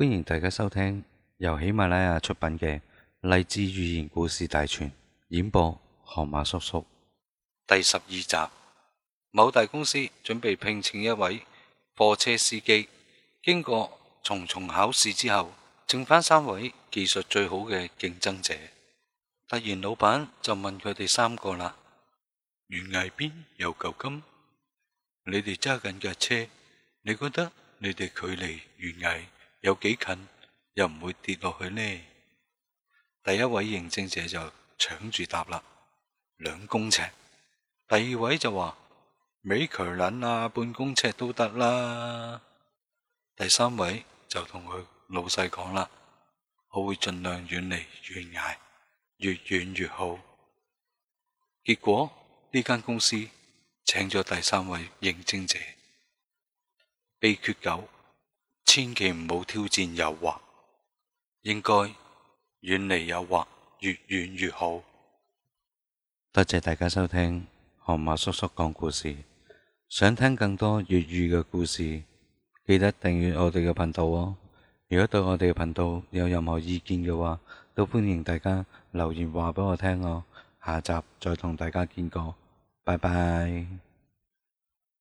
歡迎大家收聽由喜馬拉雅出品嘅《勵志寓言故事大全》，演播河馬叔叔，第十二集。某大公司準備聘請一位貨車司機，經過重重考試之後，剩翻三位技術最好嘅競爭者。突然，老闆就問佢哋三個啦：懸崖邊有舊金，你哋揸緊架車，你覺得你哋距離懸崖有幾近又唔會跌落去呢。第一位應徵者就搶住答啦，兩公尺。第二位就話尾佢捻啊，半公尺都得啦。第三位就同佢老細講啦，我會盡量遠離懸崖越遠越好。結果呢間公司請咗第三位應徵者，秘訣九。千祈唔好挑戰誘惑，應該遠離誘惑，越遠越好。多謝大家收聽，河馬叔叔講故事。想聽更多粵語嘅故事，記得訂閱我哋嘅頻道哦。如果對我哋嘅頻道有任何意見嘅話，都歡迎大家留言話俾我聽哦。下集再同大家見過，拜拜。